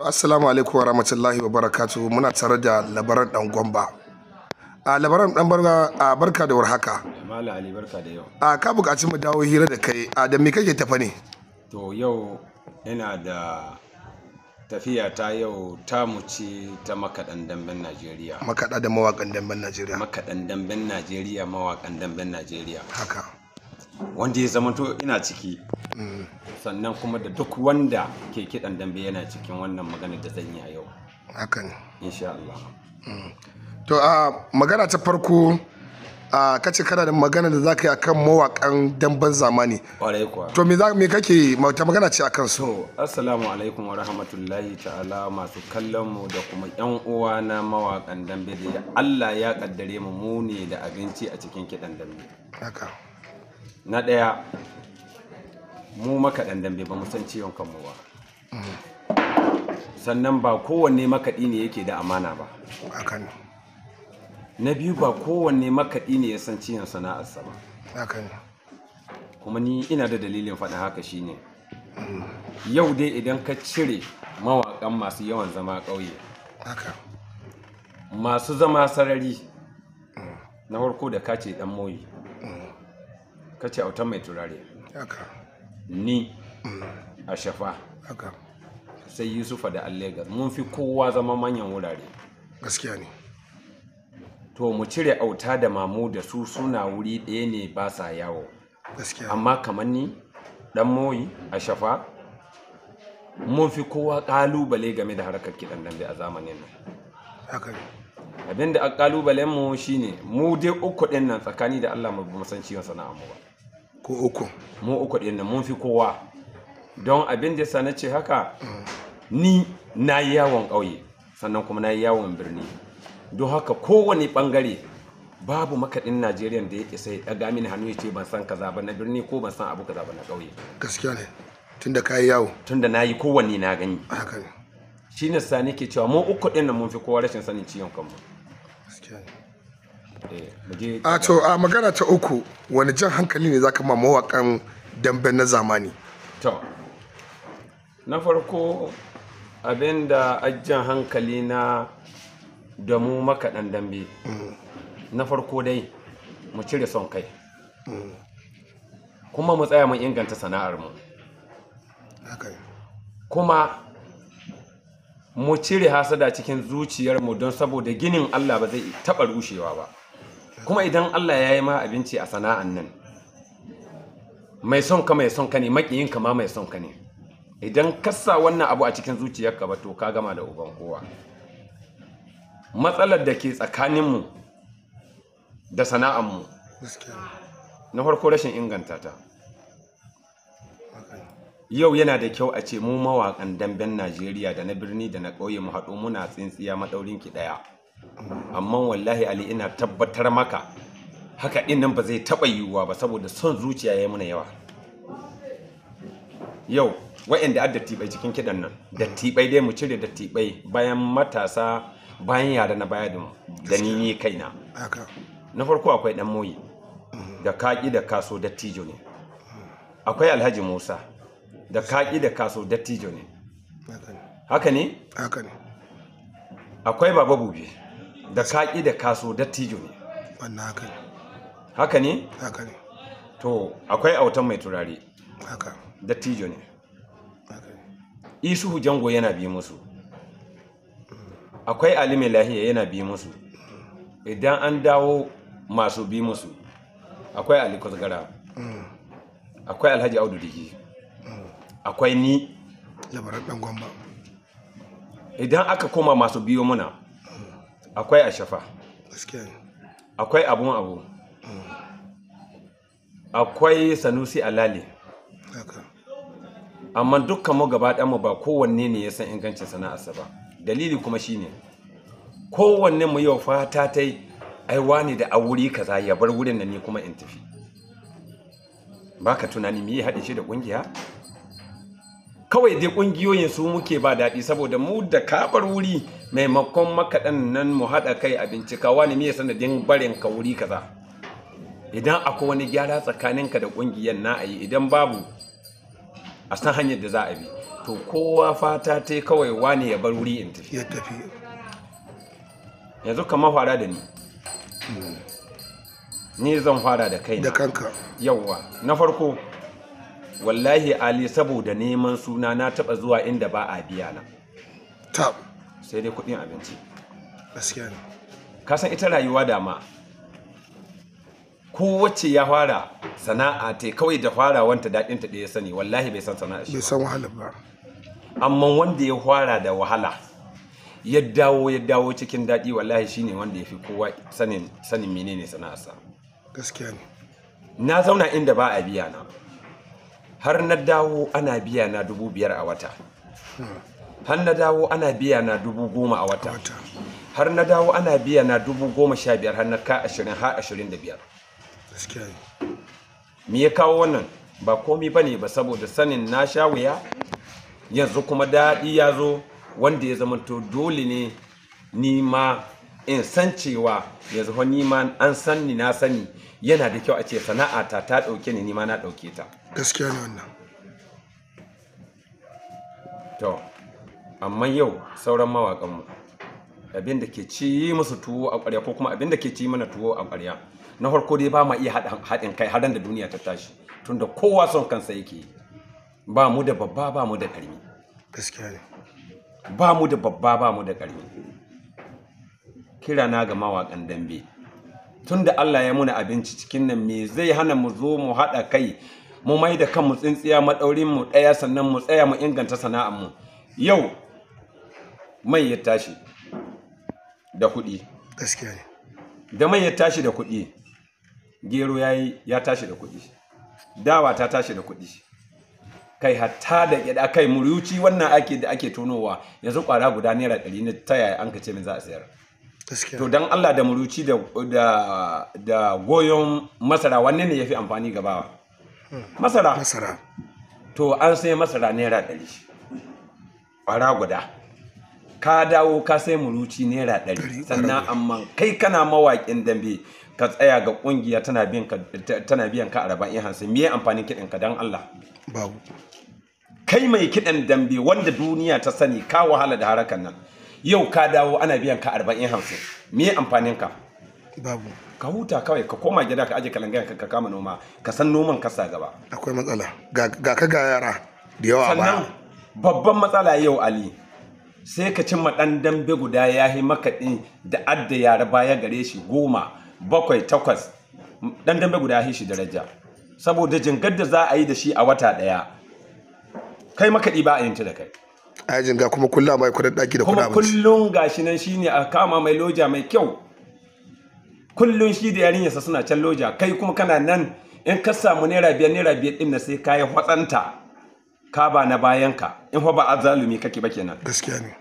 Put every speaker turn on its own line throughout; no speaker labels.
Assalamu alaikum wa rahmatullahi wa barakatuhu muna tare da labaran dan gwamba. A labaran dan barka a barka da warhaka.
Mala Ali barka da yau.
A ka buƙaci mu dawo hira da kai a da me kake tafa ne?
To yau ina da tafiya ta yau ta muci ta makadan damben Najeriya.
makada da mawakan
damben Najeriya. makadan damben Najeriya mawakan damben Najeriya. Haka. wanda ya to ina ciki mm. sannan kuma da duk wanda ke kiɗan dambe yana cikin wannan magana da zan yi a yau hakan insha Allah mm.
to a magana ta farko a kace kana da magana da zaka yi akan mawakan damben zamani wa kuwa to me me kake ta magana ce akan su
assalamu alaikum wa rahmatullahi ta'ala masu kallon mu da kuma yan uwa na mawakan dambe da Allah ya kaddare mu mu ne da abinci a cikin kiɗan dambe haka na ɗaya mu makaɗan dambe ba mu san ciwon kanmu ba sannan ba kowanne makaɗi ne yake da amana ba na biyu ba kowanne makaɗi ne ya san ciwon sana'arsa ba kuma ni ina da dalilin faɗin haka shine yau dai idan ka cire mawaƙan masu yawan zama ƙauye masu zama sarari na farko da kace dan moyi ka autan mai turare ni mm. a shafa sai yusufa da allegas mun fi kowa zama manyan wurare gaskiya ne to mu cire auta da mamu da su suna wuri ɗaya ne ba sa yawo amma kamar ni dan moyi a shafa mun fi kowa ƙalubale game da harkar kiɗan dambe a zamanin
nan
abinda a ƙalubalen mu shine mu dai uku ɗin nan tsakani da allah mu san ciwon sana'a mu ba ko uku mu uku din nan mun fi kowa don abin da sana ce haka ni na yi yawon ƙauye sannan kuma na yi yawon birni don haka kowane ɓangare babu makaɗin najeriya da ya isa ya ɗaga mini hannu ya ce ban san kaza ba na birni ko ban san abu kaza ba na ƙauye
gaskiya ne tunda ka yi yawo tunda
na yi kowanne na gani haka ne shi ne sa cewa mu uku ɗin nan mun fi kowa rashin sanin ciyon kanmu gaskiya ne Eh, a
to a magana ta uku wani jan hankali ne zaka ma mawakan dambe na zamani
to na farko abin ajjan hankali na da mu makaɗan dambe mm. na farko dai mu cire son kai mm. kuma mu tsaya mu inganta sana'ar mu kuma mu cire hasada cikin zuciyarmu don saboda ginin Allah ba zai taɓa rushewa ba kuma idan Allah ya yi ma abinci a sana'an nan mai son ka mai son ka ne makiyin ka ma mai son ka ne idan kasa wannan abu a cikin zuciyarka ba to ka gama da uban kowa matsalar da ke tsakaninmu da sana'anmu na farko rashin inganta ta yau yana da kyau a ce mu mawaƙan damben najeriya da na birni da na ƙauye mu haɗu muna tsintsiya maɗaurinki ɗaya amma wallahi ali ina tabbatar maka haka din nan ba zai taba yiwuwa ba saboda son zuciya ya mana yawa yau wa'anda adda tibai cikin kidan nan da tibai dai mu cire da tibai bayan matasa bayan yara na baya da ni ni kaina na farko akwai dan moyi da kaki da kaso dattijo ne akwai alhaji musa da kaki da kaso dattijo ne haka ne haka ne akwai baba bube da kaƙi da kaso dattijo ne wannan haka ne haka ne haka ne to akwai autan mai turare haka dattijo ne ne isuhu jango yana bi musu akwai ali lahiya yana bi musu idan an dawo masu bi musu akwai alikus gara akwai alhaji audu digi akwai ni labaran dan gwamba idan aka koma masu biyo muna akwai ashafa akwai abun abu akwai sanusi alali amma dukkan mu gaba mu ba kowanne ne ya san ingancin sana'arsa ba dalili kuma shine kowanne mu yau fata ta yi aiwa ne da a wuri kaza ya bar wurin da ni kuma in tafi baka tunani me yi haɗe shi da ƙungiya kawai dai ƙungiyoyin su muke ba daɗi saboda mu da kabar wuri maimakon makaɗan nan mu haɗa kai a bincika wani me sanadin barin ka wuri kaza idan akwai wani gyara tsakanin ka da ƙungiyar na a yi idan babu a san hanyar da za a bi to kowa fata ta kawai wani ya bar wuri in
tafi ya tafi
yanzu kamar fara da ni hmm. ni zan fara da kai da kanka yawwa na farko wallahi ali saboda neman suna na taba zuwa inda ba a biya na tab sai dai kudin abinci gaskiya ne ka san ita rayuwa dama kowace ya fara sana'a ta kawai da wanta dadin ta da ya sani wallahi bai san sana'a shi bai san wahala ba amma wanda ya fara da wahala ya dawo ya dawo cikin daɗi wallahi shine wanda ya fi kowa sanin sanin menene sana'arsa gaskiya ne na zauna inda ba a biya na har na dawo ana biya na dubu biyar a wata har na dawo ana biya na dubu goma a wata har na dawo ana biya na dubu goma sha biyar har na ka ashirin har ashirin da biyar me ya kawo wannan ba komi ba ne ba saboda sanin na sha wuya yanzu kuma daɗi ya zo wanda ya zamanto dole ne ni ma in san cewa yanzu ho nima an san ni na sani yana da kyau a ce sana'a ta ta dauke ni nima na dauke ta
gaskiya ne wannan
to amma yau sauran mawakan mu abin da ke ci musu tuwo a ƙwarya ko kuma abin da ke ci mana tuwo a ƙwarya na farko dai ba ma iya haɗin kai har da duniya ta tashi tunda kowa son kansa yake ba mu da babba ba mu da ƙarni gaskiya ne ba mu da babba ba mu da ƙarni kirana ga mawaƙan dambe tun da Allah ya muna abinci cikin nan me zai hana mu zo mu haɗa kai mu mai da kanmu tsintsiya maɗaurin mu ɗaya sannan mu tsaya mu inganta sana'armu yau mai ya tashi da kuɗi gaskiya ne da mai ya tashi da kuɗi gero yayi ya tashi da kuɗi dawa ta tashi da kuɗi kai hatta da gyaɗa kai muryuci wannan ake da ake tonowa yanzu ƙwara guda naira ɗari na ta yaya an ka ce min za a sayar to dan Allah da muruci da da goyon masara wanne ne yafi amfani gabawa. masara masara to an sai masara naira ɗari ƙwara guda ka dawo ka sai muruci naira ɗari sannan amma kai kana mawakin dambe ka tsaya ga ƙungiya tana biyan ka arba'in hamsin me amfanin kiɗan ka don Allah babu kai mai kiɗan dambe wanda duniya ta sani ka wahala da harakan nan yau ka dawo ana biyan ka arba'in hamsin me amfanin ka babu ka huta kawai ka koma gida ka aje kalangan ka kama noma ka san noman kasa gaba
akwai matsala
ga ka ga yara da yawa ba babban matsala yau ali sai ka cimma ɗan dambe guda ya yi makaɗi da adda yara baya gare shi goma bakwai takwas ɗan dambe guda ya yi shi daraja saboda jingar da za a yi da shi a wata daya kai makaɗi ba a yin da kai
ajin ga kuma kullum mai kudin daki da kudin abinci kuma
kullum gashi nan shine a kama mai loja mai kyau kullum shi da yarinya sa suna can loja kai kuma kana nan in ka samu naira biyar naira biyar din na sai ka yi hwatsanta ka ba na bayan ka in fa ba azalumi kake ba kenan gaskiya ne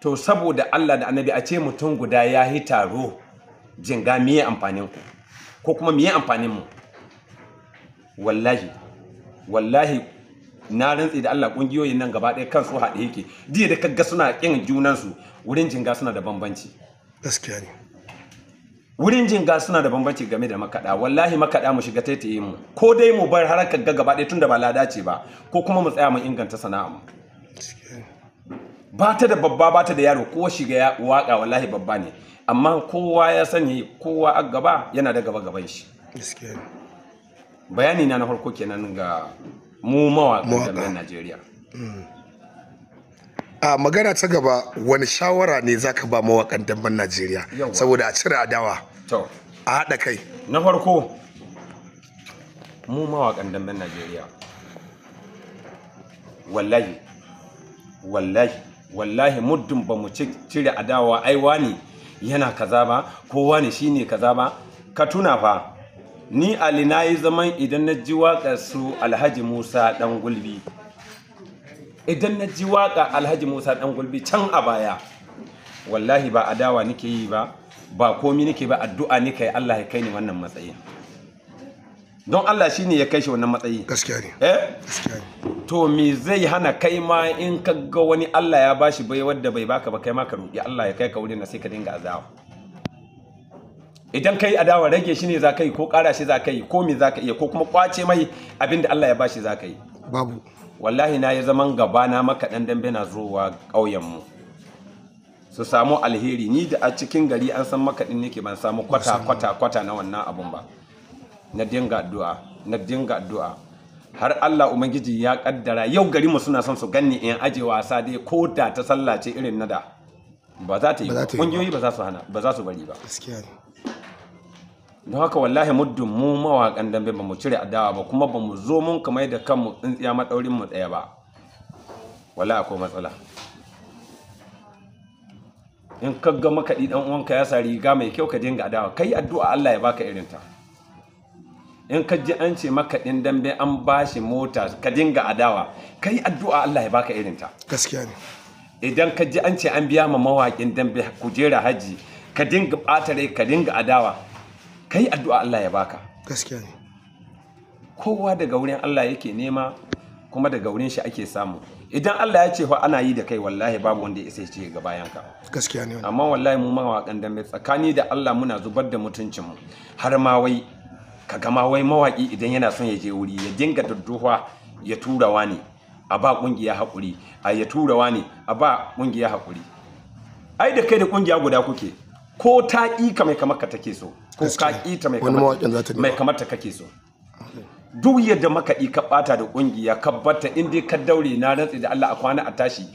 to saboda Allah da annabi a ce mutum guda ya yi taro jinga miye amfanin ku ko kuma miye amfanin mu wallahi wallahi na rantsi da Allah kungiyoyin nan gaba ɗaya kansu haɗe yake jiya da kaga suna kin junansu wurin jinga suna da bambanci gaskiya ne wurin jinga suna da bambanci game da makaɗa wallahi makaɗa mu shiga taitaye mu ko dai mu bar har ga gaba ɗaya tunda ba lada ce ba ko kuma mu tsaya mu inganta sana'a mu ba da babba ba da yaro kowa shiga waka wallahi babba ne amma kowa ya sani kowa a gaba yana da gaba gaban shi bayani na na farko kenan
ga mu mawaƙa jami'an najeriya mm. a ah, magana ta gaba wani shawara ne za ka ba mawaƙan damben najeriya saboda a cire adawa a haɗa kai na farko mu mawaƙan damben
najeriya wallahi wallahi wallahi muddin ba mu cire adawa aiwa ne yana kaza ba kowa ne shine kaza ba ka tuna fa ni ali na yi zaman idan na ji waƙar su alhaji musa ɗan gulbi idan na ji waƙa alhaji musa ɗan gulbi can a baya wallahi ba adawa nike yi ba ba komi nike ba addu'a nake yi allah ya kai ni wannan matsayi don allah shi ne ya kai shi wannan matsayi eh? to me zai hana kai ma in ka ga wani allah ya bashi bai wadda bai baka ba kai ma ka roƙi allah ya kai ka wuri na sai ka dinga azawa idan kai adawa rage shi ne za ka yi ko ƙara shi za ka yi ko me za ka iya ko kuma kwace mai abin da Allah ya bashi za ka yi babu wallahi na yi zaman gaba na maka ɗan dambe na zuwa ƙauyenmu su samu alheri ni da a cikin gari an san maka ɗin nake ban samu kwata kwata kwata na wannan abun ba na dinga addu'a na dinga addu'a har Allah ubangiji ya kaddara yau gari mu suna son su ganni in aje wasa dai ko da ta sallace irin na da ba za ta yi ba kungiyoyi ba za su hana ba za su bari ba gaskiya ne don haka wallahi muddin mu mawaƙan dambe ba mu cire adawa ba kuma ba mu zo mun kamar da kanmu tsintsiya maɗaurin mu ɗaya ba wala akwai matsala in ka ga makaɗi ɗan uwanka ya sa riga mai kyau ka dinga adawa yi addu'a Allah ya baka irinta in ka ji an ce makaɗin dambe an bashi mota ka dinga adawa yi addu'a Allah ya baka irinta gaskiya ne idan ka ji an ce an biya ma mawaƙin dambe kujera haji ka dinga ɓata rai ka dinga adawa kai addu'a Allah ya baka
gaskiya ne kowa daga wurin
Allah yake nema kuma daga wurin shi ake samu idan Allah ya ce fa ana yi da kai wallahi babu wanda ya ce ga bayan ka gaskiya ne amma wallahi mu mawaƙan da mai tsakani da Allah muna zubar da mutuncin mu har ma wai ka gama wai mawaki idan yana son ya je wuri ya dinga dudduwa ya tura ne a ba kungiya hakuri a ya tura ne a ba kungiya hakuri ai da kai da kungiya guda kuke ko ta ƙi kamar kamar ka take so ko ka kita mai kamata mai kamata kake so duk yadda makaɗi ka ɓata da ƙungiya ka batta in dai ka daure na rantsi da Allah a kwana a tashi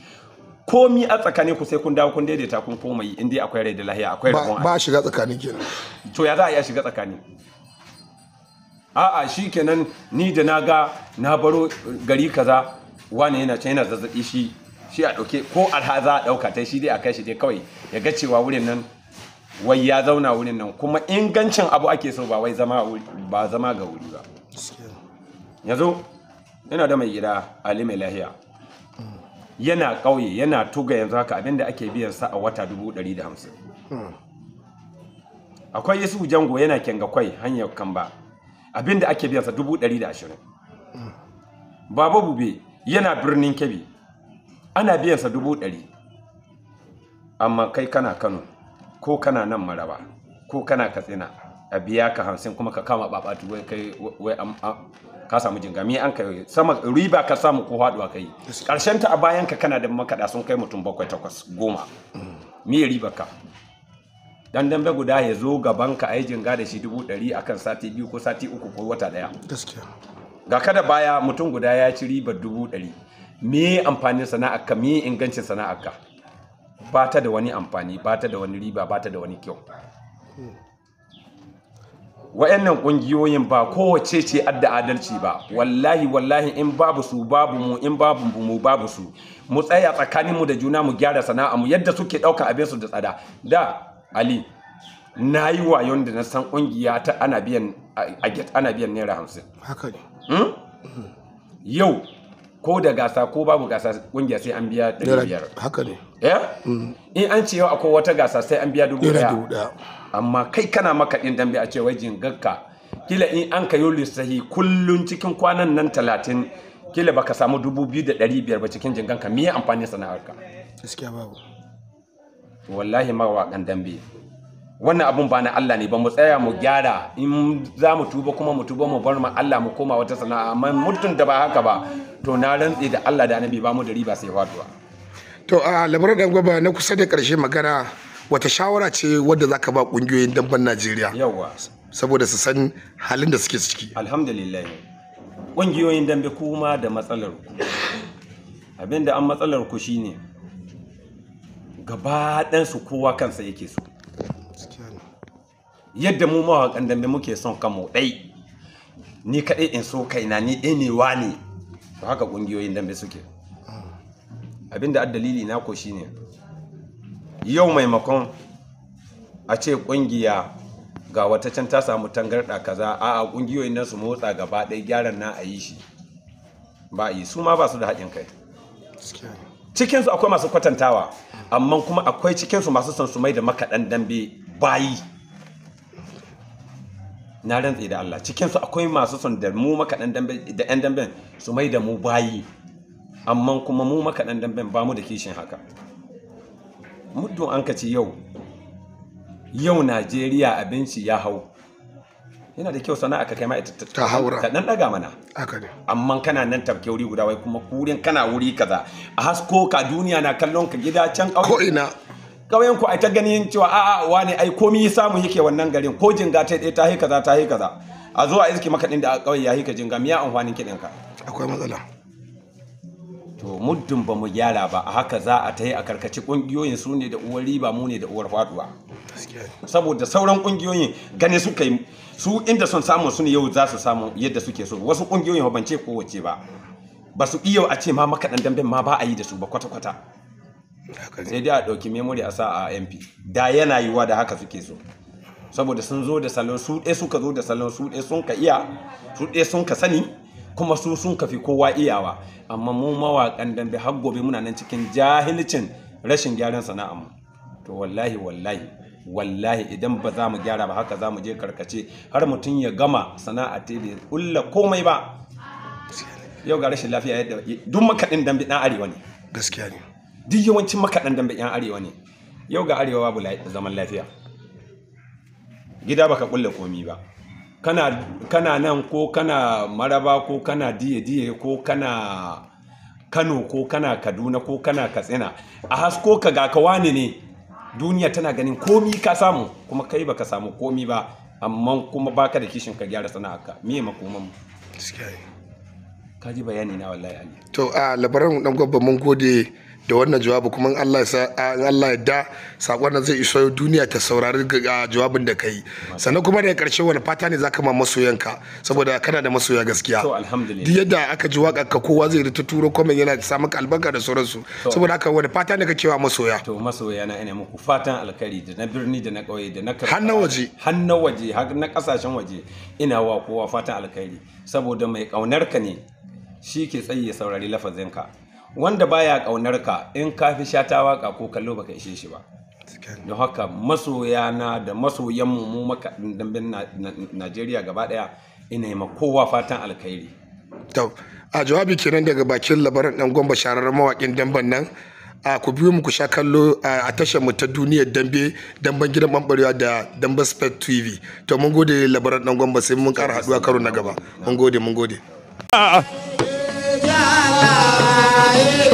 komi a tsakanin ku sai kun dawo kun daidaita kun koma yi in dai akwai rai da lahiya akwai rai
ba shiga tsakanin kenan
to ya za a iya shiga tsakani. a'a shi kenan ni da na ga na baro gari kaza wani yana can yana zazzaɓi shi shi a ɗauke ko alhaza a ɗauka ta shi dai a kai shi dai kawai ya ga cewa wurin nan wai ya zauna wurin nan kuma ingancin abu ake so ba wai zama ba zama ga wuri ba yanzu yana da mai gida ali mai lahiya yana kauye yana tuga yanzu haka abinda ake biyan sa a wata 150 hmm. akwai yasu jango yana kenga kwai hanyar kamba abinda ake biyan sa 120 hmm. baba bube yana birnin kebi ana biyan sa 100 amma kai kana kano ko kana nan maraba ko kana katsina a biya ka hamsin kuma ka kama babatu wai kai wai ka samu jingami an kai sama riba ka samu ko haduwa kai karshen ta a bayan ka kana da makada sun kai mutum bakwai takwas goma mm. me riba ka dan dambe guda ya zo gaban ka ai jinga da shi dubu ɗari akan sati biyu ko sati uku ko wata daya gaskiya ga kada baya mutum guda ya ci riba dubu ɗari me amfanin sana'ar ka me ingancin sana'ar ka ba ta da wani amfani ba ta da wani riba ba ta da wani kyau wa'annan ƙungiyoyin ba kowace ce adda adalci ba wallahi wallahi in babu su babu mu in babu mu babu su mu tsaya tsakaninmu da juna mu gyara sana'a mu yadda suke ɗauka abin su da tsada da ali na yi wayon da na san ƙungiya ta ana biyan naira hamsin hmm? yau ko da gasa ko babu gasa kungiya sai an biya ɗari biyar haka ne ya mm. in an ce yau akwai wata gasa sai an biya dubu ɗaya amma kai kana maka ɗin dambe a ce wai jingakka kila in an ka yi lissahi kullun cikin kwanan nan talatin kila baka samu dubu biyu da ɗari biyar ba cikin jinganka me amfani sana'arka gaskiya babu wallahi ɗan dambe wannan abun ba na Allah ne ba mu tsaya mu gyara in za mu tuba kuma mu tuba mu bar ma Allah mu koma wata sana'a amma mutum da ba haka ba to na rantse da Allah da annabi ba mu da riba sai faduwa
to a labaran da gaba na kusa da karshe magana wata shawara ce wadda zaka ba kungiyoyin damban Najeriya yawa saboda su san halin da suke ciki alhamdulillah kungiyoyin
dambe kuma da matsalar ku abinda an matsalar ku shine gaba ɗansu kowa kansa yake so yadda mu mawaƙan dambe muke son kanmu ɗai ni kaɗai in so kaina ni ɗanewa ne to haka ƙungiyoyin dambe suke abinda a dalili na ko ne yau maimakon a ce ƙungiya ga wata can ta samu tangarɗa kaza a a ƙungiyoyin nan su motsa gaba ɗaya gyaran na a yi shi ba yi su ma ba su da haɗin kai cikinsu akwai masu kwatantawa amma kuma akwai cikinsu masu son su mai da makaɗan dambe bayi na rantsa da Allah cikinsu akwai masu son da mu makaɗan damben da 'yan damben su mai da mu bayi amma kuma mu makaɗan damben ba mu da kishin haka muddin an kaci yau yau najeriya abinci ya hau yana da kyau sana'a ka kai ma ita ta haura ka dan daga mana ne amma kana nan tafke wuri guda wai kuma kurin kana wuri kaza a hasko ka duniya na kallon ka gida can ko ina ƙauyen ku ai ta ganin cewa a'a ne ai komi samu yake wannan garin ko jinga ta ta yi kaza ta yi kaza a zuwa iski makaɗin din da kawai ya yi ka jinga miya amfanin kiɗin ka akwai matsala to muddin ba mu gyara ba a haka za a ta yi a karkaci ƙungiyoyin su ne da uwar riba mu ne da uwar faduwa saboda sauran ƙungiyoyin gani suka yi su inda son samu su ne yau za su samu yadda suke so wasu ƙungiyoyin ba ban ce kowace ba ba su iya a ce ma makaɗan dambe ma ba a yi da su ba kwata-kwata sai dai a ɗauki memory a sa a mp da yana yiwa da haka suke so saboda sun zo da salon su ɗaya suka zo da salon su ɗaya sun ka iya su ɗaya sun ka sani kuma su sun ka fi kowa iyawa amma mu mawaƙan dambe har gobe muna nan cikin jahilcin rashin gyaran sana'ar mu to wallahi wallahi wallahi idan ba za mu gyara ba haka za mu je karkace har mutum ya gama sana'a ta da kulla komai ba yau ga rashin lafiya yadda duk makaɗin dambe ɗan arewa ne gaskiya ne duk yawancin makaɗan dambe 'yan arewa ne yau ga arewa babu zaman lafiya gida baka kulle komi ba kana nan ko kana maraba ko kana diye diye ko kana kano ko kana kaduna ko kana katsina a hasko ka ga ka wani ne duniya tana ganin komi ka samu kuma kai baka samu komi ba amma kuma baka da kishin ka gyara sana'arka me makoman mu
ka ji bayani na wallahi ali to a labaran dan gwabba mun gode da wannan jawabi kuma in Allah ya da sakon nan zai iso duniya ta saurari jawabin da kai sannan kuma da karshe wani fata ne zaka ma masoyanka saboda kana da masoya gaskiya to alhamdulillah duk yadda aka ji waka ka kowa zai rita turo kuma yana sa maka albarka da sauransu saboda haka wani fata ne kake wa masoya
to masoya na ina muku fatan alkari da na birni da na kauye da na har na waje har na waje har na kasashen waje ina wa kowa fatan alkhairi saboda mai kaunar ka ne shi ke tsaye saurari lafazinka wanda baya kaunar ka in ka fi shata waka ko kallo baka ishe shi ba don haka masoya na da masoyan mu mu maka dambin Najeriya gaba daya ina yi ma kowa fatan alkhairi
to a jawabi kenan daga bakin labaran dan gomba sharar mawakin damban nan a ku biyo mu ku sha kallo a tashar mu ta duniyar dambe damban gidan bambarewa da damba spec tv to mun gode labaran dan gomba sai mun kara haduwa karo na gaba mun gode mun gode